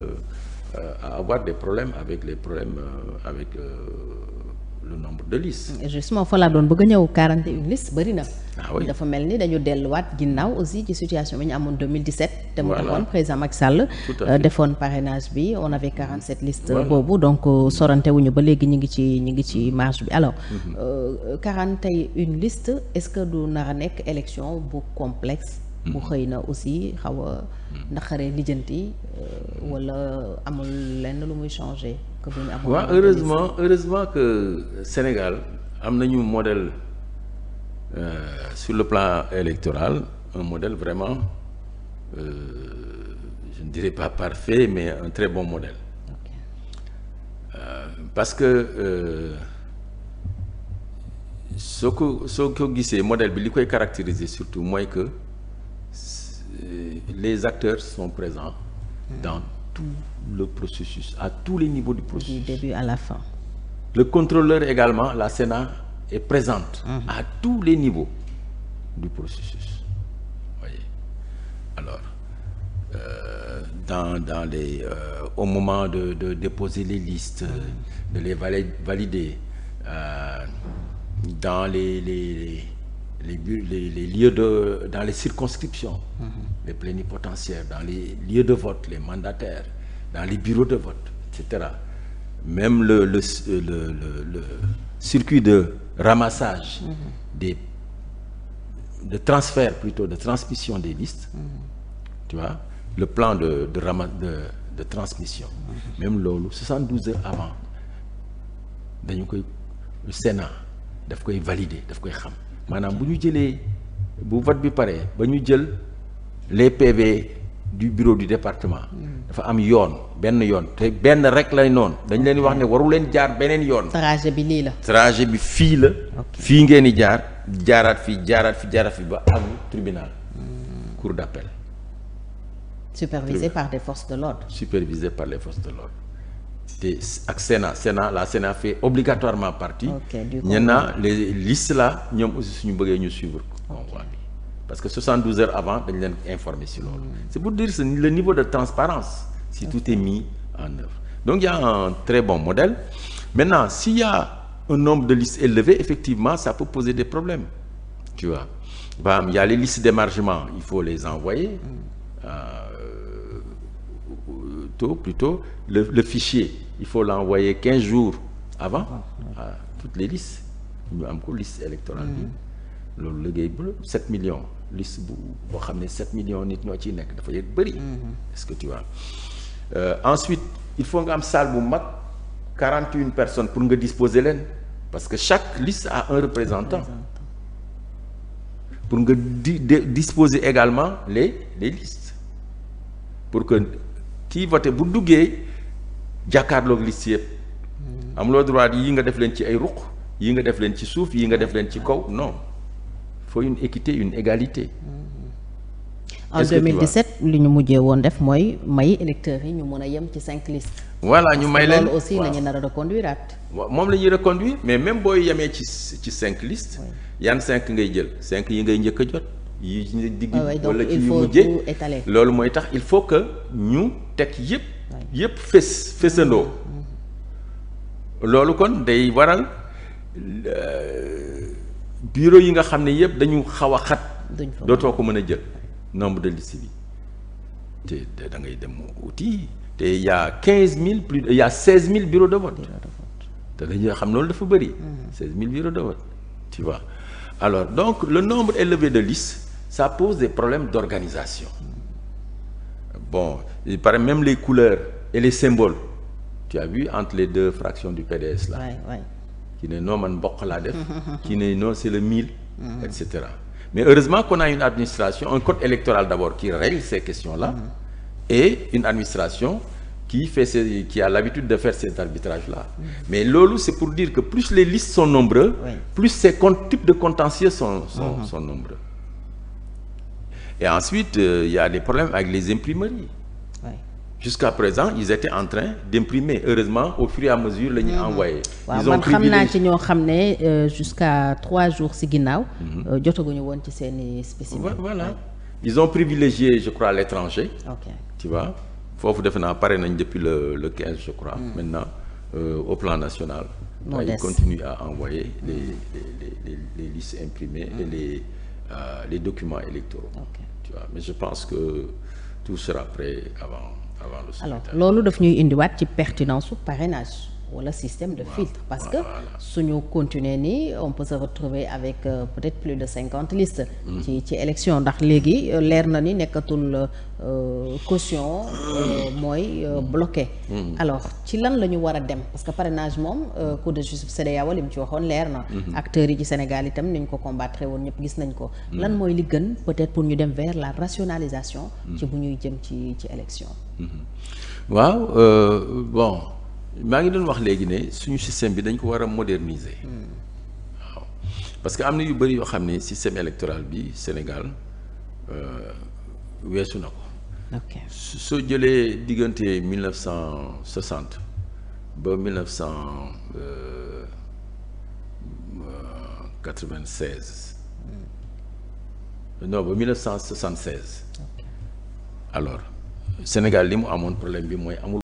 à euh, euh, avoir des problèmes avec les problèmes euh, avec le nombre de listes. fa laa doon bëgg ñëw quarante listes bëri na. Ah dafa mel ni dañu delluwaat ginnaaw aussi ci situation bi ñu amoon 2017. te mu defoon président ak Sall. defoon parrainage bi on avait 47 listes. boobu donc sorante wuñu ba léegi ñu ngi ci ñu ngi ci marge bi alors. 41 mm-hmm. listes est-ce que du nar nekk élection bu complexe. mu mm-hmm. xëy na aussi xaw a mm-hmm. naqaree lijjanti euh, wala amul lenn lu muy changé que bu ñu amoon heureusement heureusement que Sénégal am nañu modèle euh, sur le plan électoral un modèle vraiment euh, je ne dirais pas parfait mais un très bon modèle okay. euh, parce que euh, soo ko soo ko gisee modèle bi li koy caractériser surtout mooy que les acteurs sont présents dans tout le processus, à tous les niveaux du processus. Du début à la fin. Le contrôleur également, la Sénat, est présente mmh. à tous les niveaux du processus. Voyez. Alors, euh, dans, dans, les, euh, au moment de, de, déposer les listes, mhm. de les valider, euh, dans les, les, les les, les, les, lieux de, dans les circonscriptions, mmh. les plénipotentiaires, dans les lieux de vote, les mandataires, dans les bureaux de vote, etc. Même le, le, le, le circuit de ramassage, mm-hmm. des, de transfert plutôt, de transmission des listes, mm-hmm. le plan de, de, ram, de, de transmission, mm-hmm. même l'OLU, 72 heures avant, le Sénat, il faut valider, il faut maanaam bu ñu jëlee bu vote bi pare ba ñu jël les PV du bureau du département. Mm. dafa am yoon benn yoon te benn rek lay noon dañ leen wax ne waru leen jaar beneen yoon. trajet bi lii la. trajet bi fii la. fii ngeen di jaar jaaraat fi jaaraat fi jaaraat fi ba am tribunal. Mm. cour d'appel. supervisé par des forces de l'ordre. supervisé te ak Sénat Sénat la Sénat fait obligatoirement partie. ok maintenant les listes là ñoom aussi suñu bëggee ñu suivre convoi bi parce que 72 heures avant dañ leen informer si loolu. Hmm. c'est pour dire le niveau de transparence si tout est mis en œuvre donc il y a un très bon modèle maintenant s'il y a un nombre de listes élevé effectivement ça peut poser des problèmes tu vois. il y a les listes d'émargement il faut les envoyer. Hmm. Euh, plutôt, plutôt le, le fichier. Il faut la l'envoyer 15 jours avant à toutes les listes. ñu am ko liste électorale bi. Mm-hmm. loolu liggéey bu 7 millions. liste bu boo xam ne 7 millions nit ñoo ciy nekk dafa yëg bëri. Mm-hmm. est-ce que tu vois. Euh, ensuite il faut nga am salle bu mag 41 personnes pour nga disposer leen parce que chaque liste a un représentant. Mm-hmm. pour nga di disposer également les les listes pour que kii voté bu duggee jàkkaarloog liste hmm. am loo droit yi nga def leen ci ay ruq yi nga def leen ci suuf yi nga def leen ci kaw non foo une équité une égalité. Hmm. en 2017 li ñu mujjee woon def mooy may électeurs yi ñu mën a yem ci cinq listes. voilà ñu may leen loolu aussi la ñu nar a reconduire at. waaw moom la ñuy reconduire mais même booy yemee ci ci cinq listes. yan cinq ngay jël cinq yi ngay njëkk a jot. yi ci digg ah wala ci yu mujjee loolu mooy tax il faut que ñu. teg yëpp yëpp fés fésandoo loolu kon day waral euh, bureau yi nga xam ne yëpp dañu xaw a xat dootoo ko mën a jël nombre de liste bi te da ngay dem uti te y a mille plus y a mille bureaux de vote te dañuy xam loolu dafa bëri mm-hmm. seize mille bureaux de vote tu vois alors donc le nombre élevé de listes sa pose des problèmes d'organisation mm-hmm. bon il paraît même les couleurs et les symboles tu as vu entre les deux fractions du PDS là. ne non man mboq laa def. ki ne non c'est le mil. Mm-hmm. et cetera mais heureusement qu'on a une administration un code électoral d'abord qui règle ces questions là. Mm-hmm. et une administration qui fait ses, qui a l'habitude de faire cet arbitrage là. Mm-hmm. mais loolu c'est pour dire que plus les listes sont nombreuses. plus ces types de contentieux sont sont sont nombreux. Et ensuite, euh, il euh, des problèmes avec les imprimeries. Oui. Jusqu'à présent, ils étaient en train d'imprimer. Heureusement, au fur et à mesure, la ñuy mm-hmm. waaw man xam naa ci ñoo xam ne euh, jusqu'à trois jours si ginnaaw. Mm-hmm. Euh, jotaguñu woon ci seeni spécimens. voilà ils ont privilégié je crois l'étranger. ok tu vois foofu defe naa pare nañ depuis le le quinze je crois. Mm. maintenant au plan national. Là, ils continuent à envoyer les listes imprimées et mm. les. euh, les documents électoraux. mais je pense que tout sera prêt avant avant le scrutin. alors loolu daf ñuy indiwaat ci pertinence su parrainage. wala système de filtre parce que suñu continuer ni on peut se retrouver avec euh, peut-être plus de cinquante listes mm. ci ci élection ndax léegi euh, leer na ni nekkatul euh, caution mooy mm. bloqué mm. alors ci lan la ñu war a dem parce que parrainage moom cour de justice CEDEAO li mu ci waxoon leer na mm-hmm. acteurs yi ci Sénégal itam ni ñu ko combattre woon ñëpp gis nañ ko lan mooy li gën peut-être pour ñu dem vers la rationalisation ci bu ñuy jëm ci ci élection mm-hmm. waaw maa ngi doon wax léegi ne suñu système bi dañ ko war a moderniser. Hmm. waaw parce que am na yu bëri yoo xam ne système électoral bi Sénégal euh, weesu na ko. soo jëlee diggante 1960 ba 1996. Euh, euh, hmm. non ba 1976. alors Sénégal li mu amoon problème bi mooy amul.